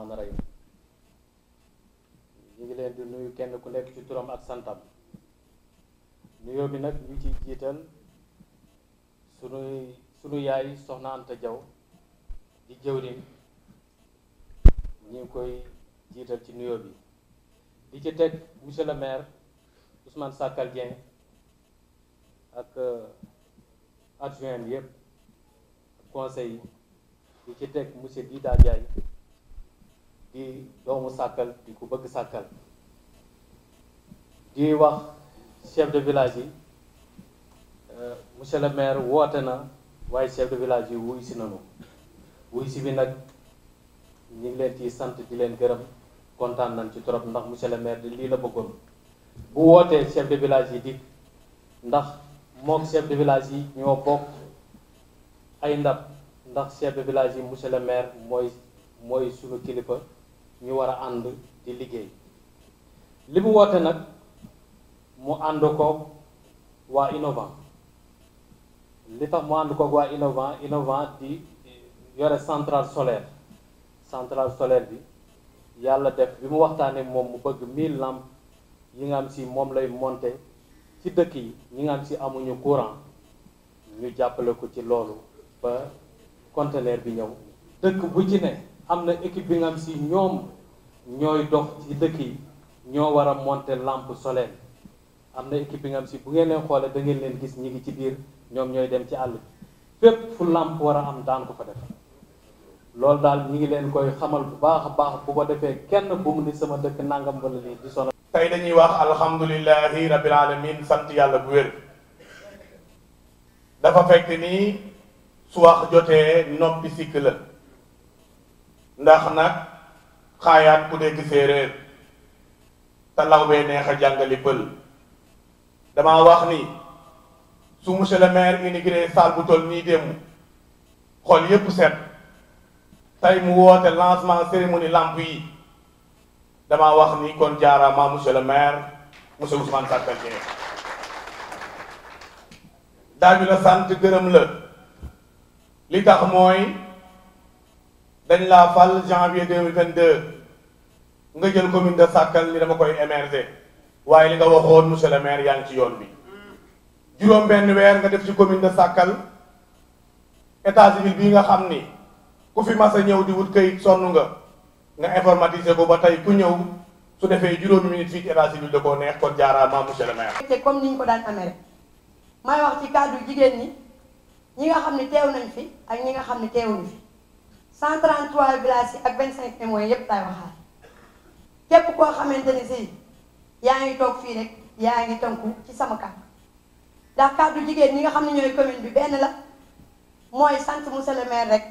rahmaani rahim ñu ngi leen di nuyu kenn ku nekk ci turam ak santam nuyoo bi nag ñu ci jiital sunuy sunu yaay soxna Anta Jaw di jëwriñ ñu koy jiital ci nuyoo bi di ci teg monsieur le maire Ousmane Sakal Dieng ak adjoint yëpp conseil yi di ci teg monsieur Dida Ndiaye di doomu sàkkal di ku bëgg sàkkal di wax chef de village yi euh, monsieur le maire woote na waaye chef de village yi wuy si nanu wuy si bi nag ñu ngi leen ciy sant di leen gërëm kontaan nañ ci trop ndax monsieur le maire di lii la bëggoon bu wootee chef de village yi dikk ndax mook chef de village yi ñoo bokk ay ndab ndax chef de village yi monsieur le maire mooy mooy sunu kilifa ñu war a ànd di liggéey li mu woote nag mu ànd ko waa innovant li tax mu ànd ko waa innovant innovant di yore centrale solaire centrale solaire bi yàlla def bi mu waxtaanee moom mu bëgg 1000 lampes yi nga am si moom lay monte ci dëkk yi ñi nga am si amuñu courant ñu jàppale ko ci loolu ba conteneur bi ñëw dëkk bu ci ne am na équipe bi nga am si ñoom ñooy dox ci dëkk yi ñoo war a monter làmp solaire am na équipe bi nga am si bu ngeen leen xoolee da ngeen leen gis ñi ngi ci biir ñoom ñooy dem ci àll bi fépp fu lampe war a am daan ko fa def loolu daal ñi ngi leen koy xamal bu baax a baax bu ko defee kenn bu mu ni sama dëkk nangam wala lii di sonal. tey dañuy wax alhamdulilahi rabbil alamin sant yàlla bu wér dafa fekk ni su wax jotee noppi sikk la. ndax nag xaayaat ku dégg séeréer te lawbee neex a jàngali pël damaa wax ni su monsieur le maire inauguré salle bu toll nii démb xool yépp set tey mu woote lancement cérémonie lamp yi damaa wax ni kon jaaraama monsieur le maire monsieur Ousmane Sarr Dieng daañu la sant gërëm la li tax mooy dañ laa fal janvier deux mille vingt deux nga jël commune de sàkkal ni dama koy émerger waaye li nga waxoon monsieur le maire yaa ci yoon bi juróom benn weer nga def ci commune de Sakal état civil bii nga xam ni ku fi mas ñëw di wut kayit sonn nga nga informatiser ko ba tey ku ñëw su defee juróomi minute fii ci état civil da koo neex kon jaaraama monsieur le maire. comme ni ko daan amee may wax ci kàddu jigéen ñi ñi nga xam ne teew nañ fi ak ñi nga xam ne 133 villages yi ak 25 mooy yëpp laay waxaat képp koo xamante ni si yaa ngi toog fii rek yaa ngi tam tënku ci sama kàddu ndax kàddu jigéen ñi nga xam ne ñooy commune bi benn la mooy sant rek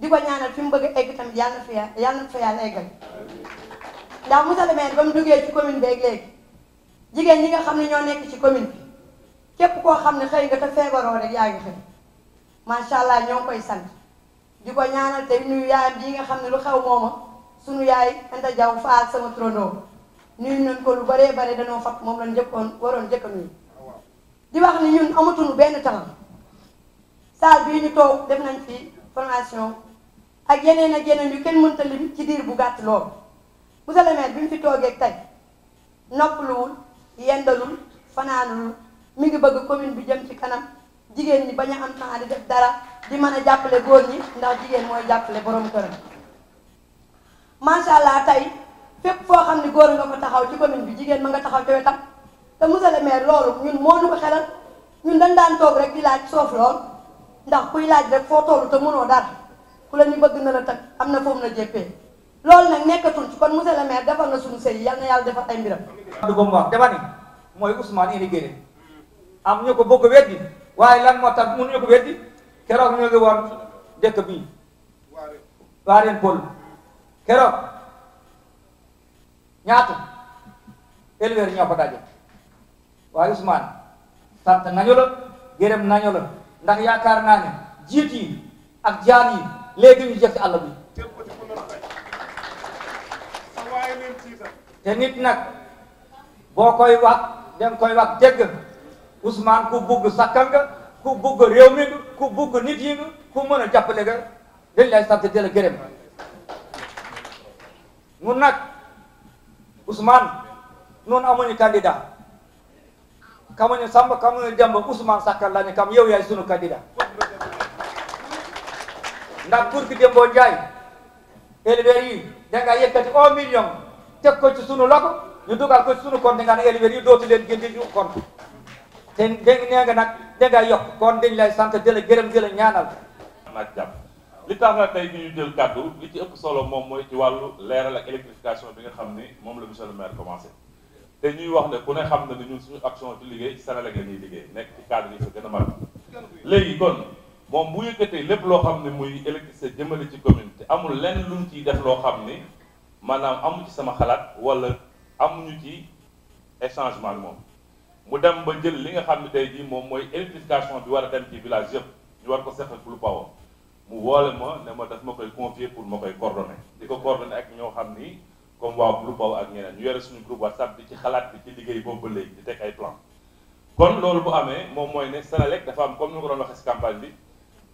di ko fi mu bëgg a egg yàlla na yàlla na fa yàlla eggal ndax monsieur le ba mu duggee ci commune bi ak jigéen ñi nga xam ne ñoo nekk ci commune bi képp koo xam ne xëy nga te feebaroo rek yaa ngi xëy macha allah ñoo ngi koy sant. di ko ñaanal tey nuyu yaayam bii nga xam ne lu xew mooma sunu yaay Anta Diaw Faal sama trono nuyu nañ ko lu baree bare danoo fat moom lañ njëkkoon waroon njëkk di wax ni ñun amatuñu benn tam saal bii ñu toog def nañ fi formation ak yeneen ak yeneen kenn mënta lim ci diir bu gàtt lool monsieur le maire bi mu fi toogee tey noppaluwul yendalul fanaanul mi ngi bëgg commune bu jëm ci kanam jigéen ñi bañ a am temps di def dara di man a jàppale góor ñi ndax jigéen mooy jàppale borom këram macha allah tey fépp foo xam ne góor nga ko taxaw ci commune bi jigéen ma nga taxaw ci wetam te monsieur le maire loolu ñun moo ñu ko xelal ñun dañ daan toog rek di laaj soof lool ndax kuy laaj rek foo toll te mënoo dara ku la ñu bëgg na la tëkk am na foofu na jéppee loolu nag nekkatul ci kon monsieur le maire defar na suñu sëy yal na yàlla defar ay mbiram. du ko mu wax dama ni mooy Ousmane indi Guèye am ñu ko bëgg weddi waaye lan moo tax mënuñu ko keroog ñu ngi woon dëkk bi waareen pol keroog ñaata éleveur ñoo ko daje waaye Ousmane sant nañu la gërëm nañu la ndax yaakaar naa ne jiit yi ak jaan yi léegi ñu jëf ci te nit nag boo koy wax dem koy wax dégg Ousmane ku bugg sakkal ku bugg réew mi ku bugg nit yi nga ku mën a jàppale nga dañ lay sant di la gërëm nun nag Ousmane nun amuñu candidat kamuñu Samba kamuñu Demba Ousmane Sakkal la ñu kam yow yaay sunu candidat ndax pour que Demba Ndiaye éleveurs yi danga yëkkati un million teg ko sunu loxo ñu dugal ko ci sunu compte nga ne éleveurs dootu leen génne ñu compte te dégg nee nga nag da nga yokk kon dañ lay sant di gërëm di la ñaanal. naaj jàpp li tax na tey ñu jël kàddu li ci ëpp solo moom mooy ci wàllu leeral ak électrification bi nga xam ni moom la monsieur le maire commencé. te ñuy wax ne ku ne xam na ni ñun suñu action ci liggéey Senelec la ñuy liggéey nekk ci cadre yi fa gën a mag léegi kon moom bu yëkkatee lépp loo xam ne muy électricité jëmale ci commune te amul lenn lu mu ciy def loo xam ni maanaam amul ci sama xalaat wala amuñu ci échangement moom mu dem ba jël li nga xam ne tey jii moom mooy électrification bi war a dem ci village yëpp ñu war ko seq ak lu pawo mu woole ma ne ma daf ma koy confier pour ma koy coordonner di ko coordonner ak ñoo xam ni comme waaw lu paw ak ñeneen ñu yore suñu groupe whatsapp di ci xalaat bi ci liggéey boobu ba léegi di teg ay plan kon loolu bu amee moom mooy ne Senelec dafa am comme ni ma ko doon waxee si bi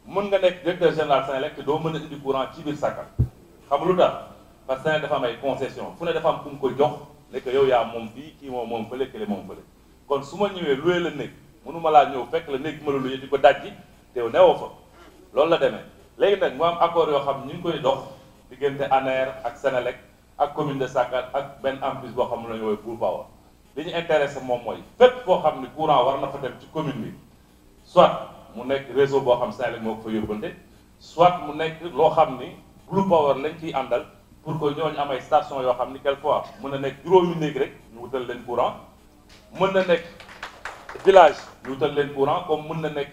mën nga nekk directeur général Senelec te doo mën a indi courant ci biir lu tax parce que dafa am ay concession fu ne dafa am ku jox ne que yow yaa moom fii kii moom moom moom fële kon su ma ñëwee luwee la néeg mënuma laa ñëw fekk la néeg bi ma la luyee di ko te teew newoo fa loolu la demee léegi nag mu am yoo xam ñu ngi koy dox diggante ANER ak Senelec ak commune de Sakkat ak benn entreprise boo xam ne la ñu woowee Bull Power li ñu intéressé moom mooy fépp foo xam ne courant war na fa dem ci commune bi soit mu nekk réseau boo xam Senelec moo ko fa yóbbante soit mu nekk loo xam ni Bull Power lañ ciy àndal pour que ñooñu am ay station yoo xam ni fois mën a nekk juróomi néeg rek ñu wutal leen courant mën na nekk village ñu wutal leen courant comme mën na nekk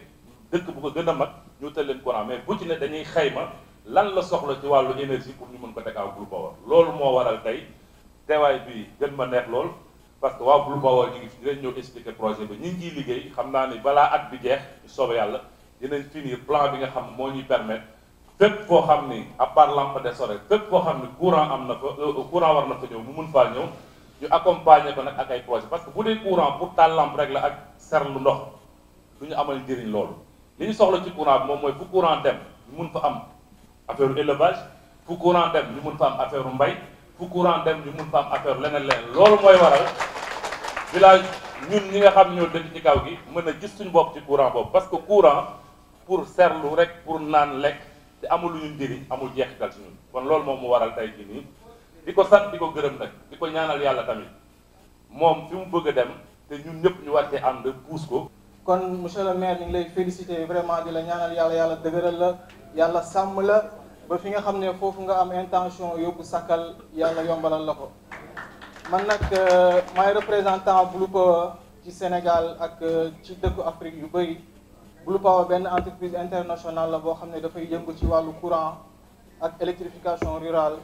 dëkk bu ko gën a mag ñu wutal leen courant mais bu ci ne dañuy ma lan la soxla ci wàllu énergie pour ñu mën ko teg à Blue Power loolu moo waral tey teewaay bi gën ma neex lool parce que waa Blue Power ñu ngi fi dinañ ñëw expliquer projet bi ñu ngi liggéey xam naa ni balaa at bi jeex ñu soobee yàlla dinañ finir plan bi nga xam moo ñuy permettre fépp koo xam ni à part lampadaire solaire fépp foo xam ni courant am na fa euh, euh, courant war na fa ñëw mu mën faa ñëw ñu accompagner ko nag ak ay projet parce que bu dee courant pour taal rek la ak serlu ndox du ñu amal njëriñ loolu li ñu soxla ci courant bi moom mooy fu courant dem ñu mun fa am affaire élevage fu courant dem ñu mun fa am affaire mbay fu courant dem ñu mun fa am affaire leneen leneen loolu mooy waral village ñun ñi nga xam ñoo dëkk ci kaw gi mën a gis suñu bopp ci courant boobu parce que courant pour serlu rek pour naan lekk te amul lu ñu amul jeexital ci ñun kon loolu moom mu waral tey jii di ko sant di ko gërëm nag di ko ñaanal yàlla tamit moom fi mu bëgg a dem te ñun ñëpp ñu wàccee ànd puus ko. kon monsieur le maire ñu ngi lay féliciter vraiment di la ñaanal yàlla yàlla dëgëral la yàlla sàmm la ba fi nga xam ne foofu nga am intention yóbbu sakkal yàlla yombalal la ko. man nag euh, maay représentant Blue Power ci Sénégal ak euh, ci dëkku Afrique yu bëri Blue Power benn entreprise internationale la boo xam ne dafay yëngu ci wàllu courant ak électrification rurale.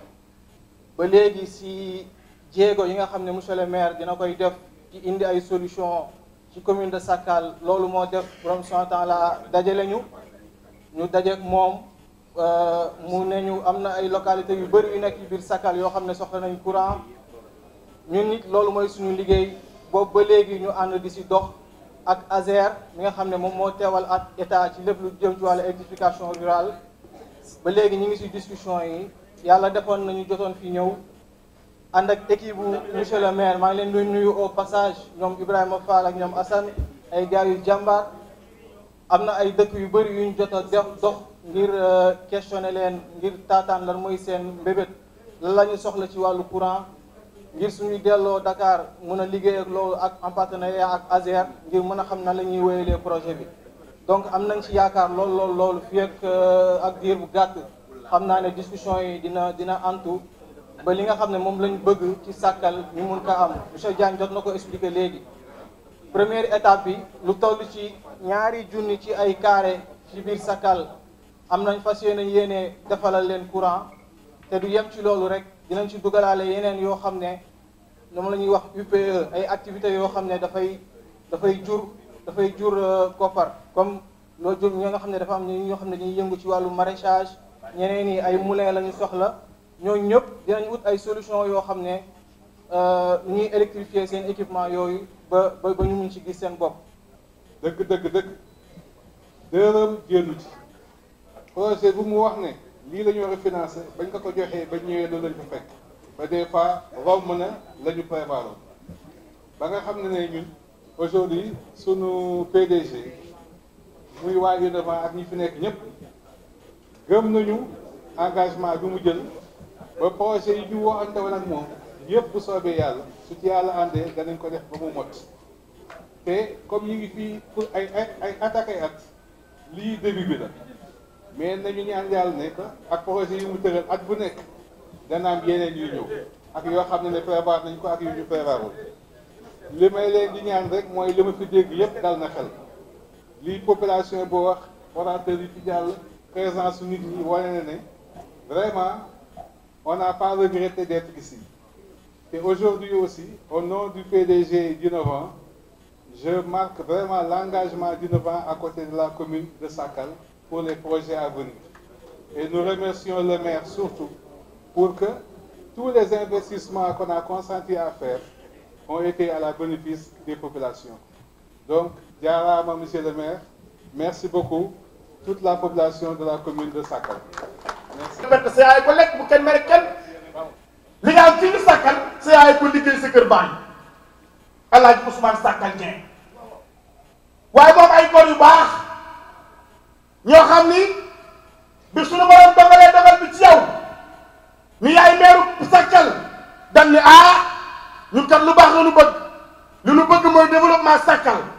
ba léegi si jéego yi nga xam ne monsieur le maire dina koy def ci indi ay solution ci commune de Sakal loolu moo def borom son temps la dajale ñu ñu dajeek moom euh, mu ne ñu am na ay localité yu bëri yu nekk ci biir Sakal yoo xam ne soxla nañ courant ñun nit loolu mooy suñu liggéey boobu ba léegi ñu ànd di si dox ak ASER mi nga xam ne moom moo teewal ak état ci lépp lu jëm ci wàllu électrification rurale ba léegi ñu ngi si discussion yi yàlla defoon nañu jotoon fi ñëw ànd ak équipe bu monsieur le maire maa ngi leen doon nuyu au passage ñoom Ibrahima Fall ak ñoom Assane ay gaar yu jàmbaar am na ay dëkk yu bëri yuñ jot a def dox ngir euh, questionner leen ngir taataan lan mooy seen mbébét la ñu soxla ci wàllu courant ngir suñuy delloo Dakar mën a liggéey ak loolu ak en partenariat ak ASER ngir mën a xam na la ñuy wéyalee projet bi donc am nañ ci yaakaar lool lool loolu fii ak euh, ak diir bu gàtt xam naa ne discussion yi dina dina antu ba li nga xam ne moom lañu bëgg ci sàkkal ñu mun ko am monsieur Diagne jot na ko expliquer léegi première étape bi lu toll ci ñaari junni ci ay carré ci biir sàkkal am nañ fas añ yéene defalal leen courant te du yem ci loolu rek dinañ ci dugalaale yeneen yoo xam ne moom la ñuy wax UPE ay activités yoo xam ne dafay dafay jur dafay jur euh, koppar comme loo jur ñoo nga xam ne dafa am ñoo xam ne dañuy yëngu ci wàllu maraîchage ñeneen ñi ay moulin lañu ñu soxla ñooñu ñëpp dinañ wut ay solution yoo xam ne euh, ñuy électrifier seen équipement yooyu ba ba ba ñu mun ci gis seen bopp. dëgg dëgg dëgg dërëm génnu ci projet bu mu wax ne lii la ñu war a financé bañ ko ko joxee ba ñu loolu lañ fa fekk ba des fois romb na la ñu prévoir ba nga xam ne ne ñun aujourd'hui sunu PDG muy waa UNEVA ak ñi fi nekk ñëpp. gëm nañu engagement bi mu jël ba projet yi ñu waxante woon ak moom yëpp bu soobee yàlla su ci yàlla àndee danañ ko def ba mu mot te comme ñu ngi fii pour ay ay ay attaque ay at lii début bi la mais nañu ñaan yàlla ne que ak projet yi mu tëral at bu nekk dana am yeneen yuy ñëw ak yoo xam ne ne prévoir nañ ko ak yu ñu prévoirul li may leen di ñaan rek mooy li ma fi dégg yëpp dal na xel lii population boo wax orateur yi fi jàll présence su nit ñi vraiment on n'a pas regretté d'être ici et aujourd'hui aussi au nom du PDG d'Innovent je marque vraiment l'engagement d'Innovent à côté de la commune de Sakal pour les projets à venir et nous remercions le maire surtout pour que tous les investissements qu'on a consenti à faire été à la bénéfice des populations donc jaaraama monsieur le maire merci toute la population de la commune de Sakal. merci. sa yaay ko lekk bu kenn mere kenn li nga am ci biir Sakal sa yaay ko liggéey kër baay El Hadj Sakal Dieng waaye moom ay góor yu baax ñoo xam ni bi suñu borom dogalee dogal bi ci yow ni yaay meeru Sakal dam ni ah ñu kat lu baax la ñu bëgg li ñu bëgg mooy développement Sakal.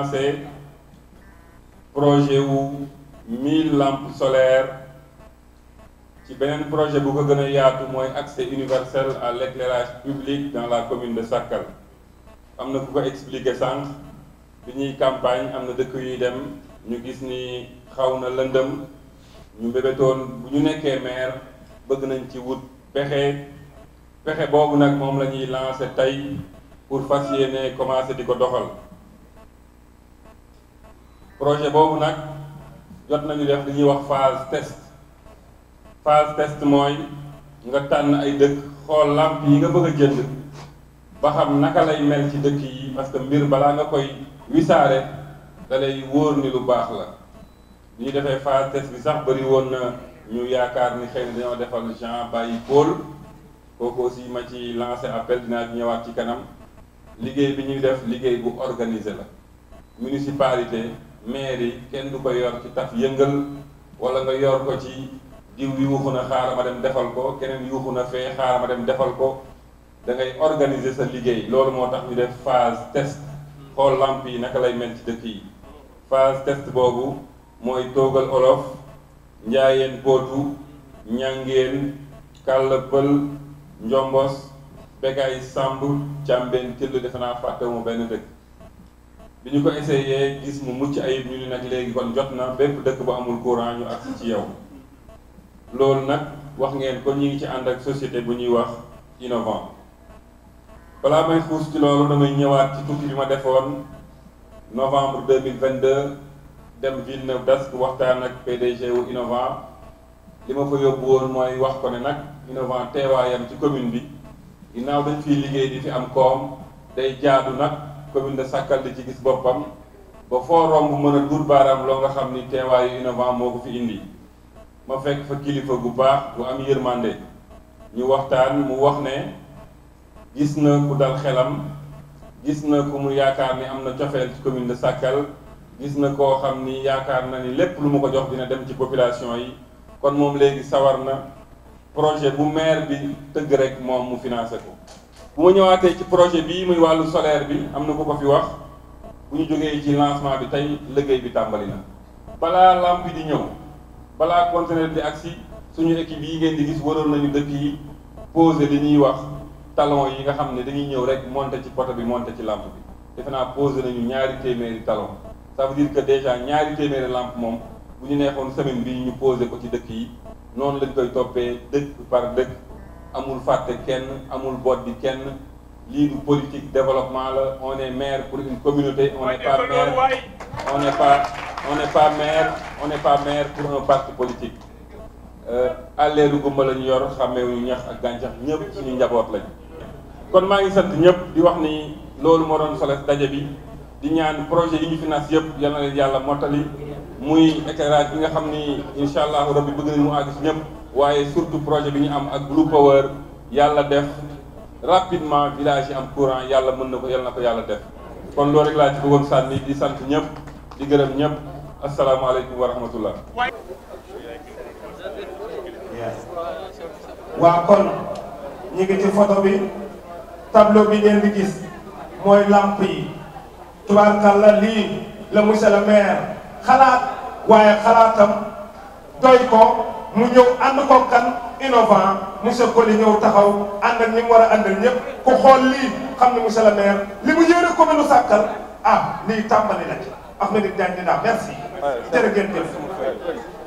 lancé projet wu mille lampes solaires ci beneen projet bu ko gën a yaatu mooy accès universel à l'éclairage public dans la commune de Sakal am na ku ko expliqué sànq bi ñuy campagne am na dëkk yuy dem ñu gis ni xaw na lëndëm ñu mbébétoon bu ñu nekkee maire bëgg nañ ci wut pexe pexe boobu nag moom la ñuy lancé tey pour fas yéene commencé di ko doxal projet boobu nag jot nañu def li ñuy wax phase test phase test mooy nga tànn ay dëkk xool làmp yi nga bëgg a jënd ba xam naka lay mel ci dëkk yi parce que mbir balaa nga koy wisaare da lay wóor ni lu baax la bi ñu defee phase test bi sax bëri woon na ñu yaakaar ni xëy na dañoo defal Jean bàyyi Paul kooku aussi ma ci lancé appel dinaa ñëwaat ci kanam liggéey bi ñuy def liggéey bu organisé la municipalité maire yi kenn du ko yor ci taf yëngal wala nga yor ko ci diw yuuxu na xaaral ma dem defal ko keneen yuuxu na fee xaaral ma dem defal ko da ngay organiser sa liggéey loolu moo tax ñu def phase test xool lamp yi naka lay mel ci dëkk yi phase test boobu mooy toogal olof njaayeen bootu ñangeen kàllabël njombos begaay sàmb càmbeen tëll defe naa fàttewu ma benn dëkk bi ñu ko essayé gis mu mucc ayib ñu ni nag léegi kon jot na bépp dëkk bu amul courant ñu agsi ci yow loolu nag wax ngeen ko ñu ngi ci ànd ak société bu ñuy wax innovant balaa may xuus ci loolu damay ñëwaat ci tukki bi ma defoon novembre 2022 dem Villeneuve d'Ascq waxtaan ak PDG wu innovant li ma fa yóbbu woon mooy wax ko ne nag innovant teewaayam ci commune bi ginnaaw dañ fiy liggéey di fi am koom day jaadu nag commune de sàkkal di ci gis boppam ba foo romb mën a duur baaraam loo nga xam ni teewaayu innovant moo ko fi indi ma fekk fa kilifa gu baax bu am yërmande ñu waxtaan mu wax ne gis na ku dal xelam gis na ku mu yaakaar ni am na cofeel ci commune de sàkkal gis na koo xam ni yaakaar na ni lépp lu mu ko jox dina dem ci population yi kon moom léegi sawar na projet bu maire bi tëgg rek moom mu financé ko bu ma ñëwaatee ci projet bii muy wàllu solaire bi am na ko ko fi wax bu ñu jógee ci lancement bi tey liggéey bi tàmbali na balaa lamp yi di ñëw balaa conteneur di agsi suñu équipe yi ngeen di gis waroon nañu dëkk yi posé li ñuy wax talon yi nga xam ne dañuy ñëw rek monté ci poto bi monté ci làmp bi defe naa posé nañu ñaari téeméeri talon ça veut dire que déjà ñaari téeméeri làmp moom bu ñu neexoon semaine bi ñu posé ko ci dëkk yi noonu lañ koy toppee dëkk par dëkk amul fàtte kenn amul boot bi kenn lii du politique développement la on est maire pour une communauté on n'est pas maire on par maire on n'est pas maire pour un parti politique àlleeru euh, gumba la ñu yor xàmmeewuñu ñax ak gàncax ñëpp suñu njaboot lañ kon maa ngi sant ñëpp di wax ni loolu moo doon solo daje bi di ñaan projet yi ñu finance yëpp yal na leen yàlla mottali muy éclairage bi nga xam ni incha allahu rabbi bëgg nañ mu àgg si waaye surtout projet bi ñu am ak Blue Power yàlla def rapidement village yi am courant yàlla mën na ko yàlla yàlla def kon loolu rek laa ci bëggoon sànni di sant ñëpp di gërëm ñëpp asalaamaaleykum wa rahmatullah waaw kon ñu ngi ci photo bi tableau bi ngeen di gis mooy làmp yi tubaarkàlla lii la monsieur le maire xalaat waaye xalaatam doy ko mu ñëw ànd ko kan innovant monsieur Coly ñëw taxaw ànd ak ñi mu war a àndal ñëpp ku xool lii xam ne monsieur le maire li mu yéene commune Sakal ah lii tàmbali na la ci Ahmed Diagne di merci jërë ngeen jëf